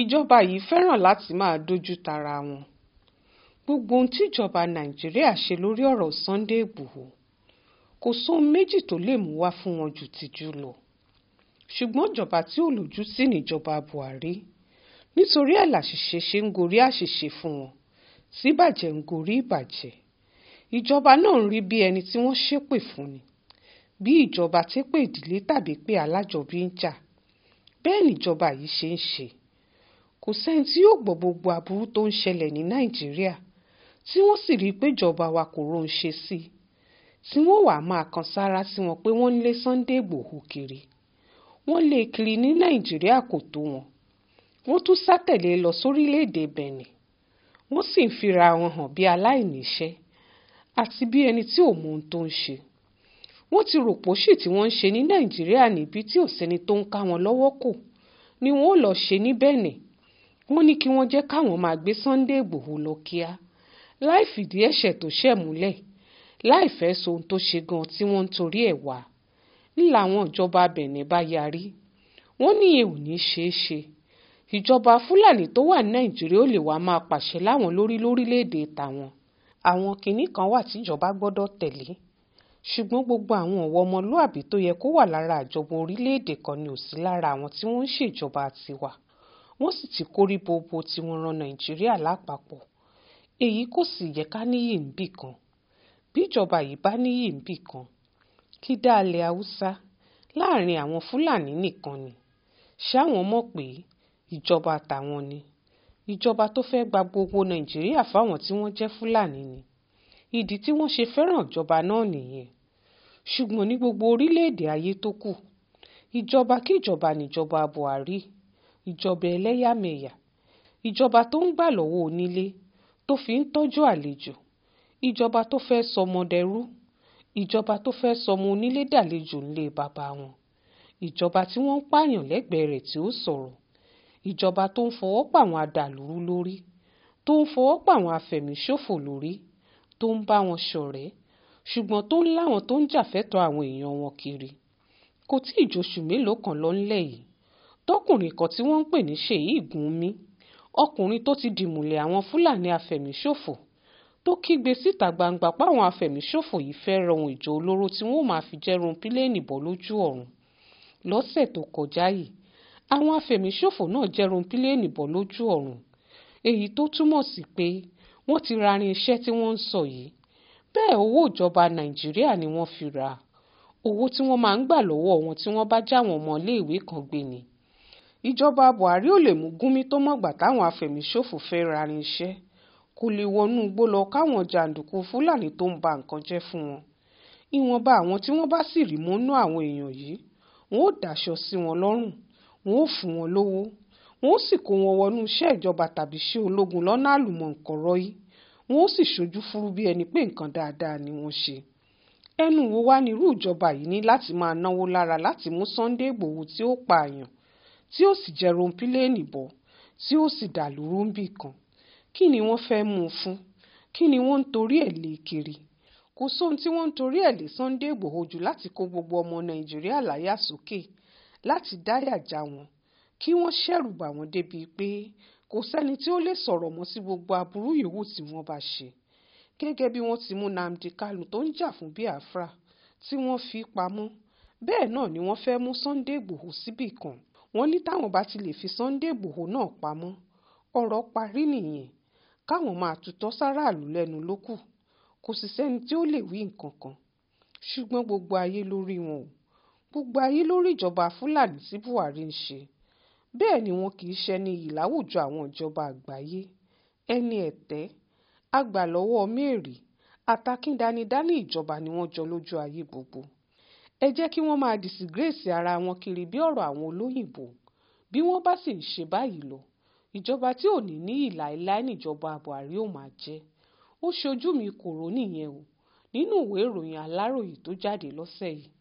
ìjọba yìí fẹ́ràn láti máa dójú tara wọn gbogbo ohun tíjọba nàìjíríà ṣe lórí ọ̀rọ̀ Sunday Igbòho kò sóhun méjì tó lè mú wá fún wọn ju tìjú lọ ṣùgbọ́n ìjọba tí ò lójú tì níjọba Buhari nítorí ẹ̀ làṣìṣe ṣe ń gorí àṣìṣe fún wọn tí ìbàjẹ́ ń gorí ìbàjẹ́ ìjọba náà ń rí bí ẹni tí wọ́n ṣépè fún ni bí ìjọba tí pé ìdílé tàbí pé alájọbí ń jà bẹ́ẹ̀ níjọba yìí ṣe ń ṣe kò sẹ́ni tí yóò gbọ́ gbogbo aburú tó ń ṣẹlẹ̀ ní nàìjíríà tí wọ́n sì rí i pé ìjọba wa kò rohun ṣe sí i tí wọ́n wàá máa kan sára sí wọn pé wọ́n lé Sunday Ìgbòho kiri wọ́n lé e kiri ní nàìjíríà kò tó wọn wọ́n tún sátẹ̀lé e lọ sórílẹ̀-èdè Benin wọ́n sì ń fira wọn hàn bí aláìníṣẹ́ àti bí ẹni tí ò mọ ohun tó ń ṣe wọ́n ti rò pósì tí wọ́n ń ṣe ní nàìjíríà níbi tí ò tó ń ká wọn lọ́wọ́ kò ni wọ́n ó lọ ṣe ní Benin wọ́n ní kí wọ́n jẹ́ káwọn máa gbé Sunday Ìgbòho lọ kíá láì fìdí ẹ̀ṣẹ̀ tó ṣẹ̀ múlẹ̀ láì fẹ́ sọ ohun tó ṣe gan tí wọ́n ń torí ẹ̀ wá ńlá àwọn ìjọba Benin bá yarí wọ́n ní èwù ní ṣeé ṣe ìjọba Fúlàní tó wà ní Nàìjíríà ò lè wá máa pàṣẹ láwọn lórí lórílẹ̀‐èdè tàwọn àwọn kinní kan wà tíjọba gbọ́dọ̀ tẹ̀lé ṣùgbọ́n gbogbo àwọn ọ̀wọ́ ọmọlúàbí tó yẹ kó wà lára àjọba orílẹ̀ kan ni ò sí lára àwọn tí wọ́n ń ṣèjọba tiwa wọ́n sì ti kórí bobo tí wọ́n ran nàìjíríà lápapọ̀ èyí kò sì yẹ ká níyì níbì kan bí ìjọba yìí bá níyì níbì kan kí dáalẹ̀ haúsá láàrin àwọn fúlàní nìkan ni ṣáwọn mọ̀ pé ìjọba tàwọn ni ìjọba tó fẹ́ gba gbogbo nàìjíríà fáwọn tí wọ́n jẹ́ fúlàní ni ìdí tí wọ́n ṣe fẹ́ràn ìjọba náà nìyẹn ṣùgbọ́n ní gbogbo orílẹ̀-èdè ayé tó kù ìjọba kíjọba níjọba buhari ìjọba ẹlẹ́yàmẹ̀yà ìjọba tó ń gbà lọ́wọ́ onílé tó fi ń tọ́jú àlejò ìjọba tó fẹ́ sọmọ dẹrú ìjọba tó fẹ́ sọmọ onílé dàlejò ńlé bàbá wọn ìjọba tí wọ́n ń pààyàn lẹ́gbẹ̀ẹ́ rẹ̀ tí ó sọ̀rọ̀ ìjọba tó ń fọwọ́ pa àwọn adàlúrú lórí tó ń fọwọ́ pa àwọn afẹ̀míṣòfò lórí tó ń bá wọn ṣọ̀rẹ́ ṣùgbọ́n tó ń láwọn tó ń jàfẹ́tọ̀ọ́ àwọn èèyàn wọn kiri kò tí ì jòṣù mélòó kan lọ ńlẹ̀ yìí tọkùnrin kan tí wọ́n ń pè ní ṣèyí ìgúnmi ọkùnrin tó ti dìmùlẹ̀ àwọn fúlàní afẹ̀míṣòfò tó kígbe síta gbangba páwọn afẹ̀míṣòfò yìí fẹ́ rọrùn ìjọ olóró tí wọ́n máa fi jẹ́run pílẹ́ẹ̀nì bọ́ lójú ọ̀run lọ́sẹ̀ tó kọjá yìí àwọn afẹ̀míṣòfò náà jẹ́run pílẹ́ẹ̀nì bọ́ lójú ọ̀run èyí tó túmọ̀ sí pé wọ́n ti ra irin iṣẹ́ tí wọ́n ń sọ yìí bẹ́ẹ̀ owó ìjọba nàìjíríà ni wọ́n fi ra owó tí wọ́n máa ń gbà lọ́wọ́ wọn tí wọ́n bá já wọn ọmọ iléèwé kan gbé ni ìjọba buhari ò lè mú gúnmi tó mọ̀gbà táwọn afẹ̀míṣòfò fẹ́ẹ́ rarin iṣẹ́ kó lè wọnú igbó lọ káwọn jàǹdùkú fúlàní tó ń ba nǹkan jẹ́ fún wọn ìwọ̀nba àwọn tí wọ́n bá sì rí mọ́nú àwọn èèyàn yìí wọ́n ò dáṣọ sí wọn lọ́rùn wọ́n ò fún wọn lówó wọ́n ò sì kó wọn wọnú iṣẹ́ ìjọba tàbí iṣẹ́ ológun lọ́nà àlùmọ̀ǹkọ̀rọ̀ yìí wọ́n ò sì ṣojú fúru bí ẹni pé nǹkan dáadáa ni wọ́n ṣe ẹnu wo wá nírú ìjọba yìí ní láti máa náwó lára láti mú Sunday Ìgbòho tí ó pààyàn tí ó sì jẹ́ rompiléènì bọ̀ tí ó sì dà lóró ń bì kan kí ni wọ́n fẹ́ mú un fún kí ni wọ́n ń torí ẹ̀ lé kiri kò sóhun tí wọ́n ń torí ẹ̀ lé Sunday Ìgbòho jù láti kó gbogbo ọmọ Nàìjíríà láyà sókè láti dáyà já wọn kí wọ́n ṣẹ̀rù bà wọ́n débi pé kò sẹ́ni tí ó lè sọ̀rọ̀ mọ́ sí gbogbo aburú yòówù tí wọ́n bá ṣe gẹ́gẹ́ bí wọ́n ti mú Nnamdi Kanu tó ń jà fún Biafra tí wọ́n fi pamọ́ bẹ́ẹ̀ náà ni wọ́n fẹ́ mú Sunday Ìgbòho síbì kan wọ́n ní táwọn bá ti lè fi Sunday Ìgbòho náà pamọ́ ọ̀rọ̀ parí nìyẹn káwọn máa tutọ́ sáràlú lẹ́nu ló kù kò sì sẹ́ni tí ó lè wí nǹkan kan ṣùgbọ́n gbogbo ayé lórí wọn o gbogbo ayé lórí ìjọba Fúlàní tí Buhari ń ṣe bẹ́ẹ̀ ni wọn kì í ṣẹni iyì láwùjọ àwọn ìjọba àgbáyé ẹni ẹ̀tẹ́ agbàlọ́wọ́ mẹ́rì àtàkìndanidálé ìjọba ni wọ́n jọ lójú ayé gbogbo ẹ jẹ́ kí wọ́n máa disgrace ara wọn kiri bí ọ̀rọ̀ àwọn olóyìnbó bí wọ́n bá sì ń ṣe báyìí lọ ìjọba tí ò ní ní ìlàìláì níjọba Buhari ó máa jẹ́ ó ṣojú mi kòró nìyẹn o nínú ìwé ìròyìn Aláròyé tó jáde lọ́sẹ̀ yìí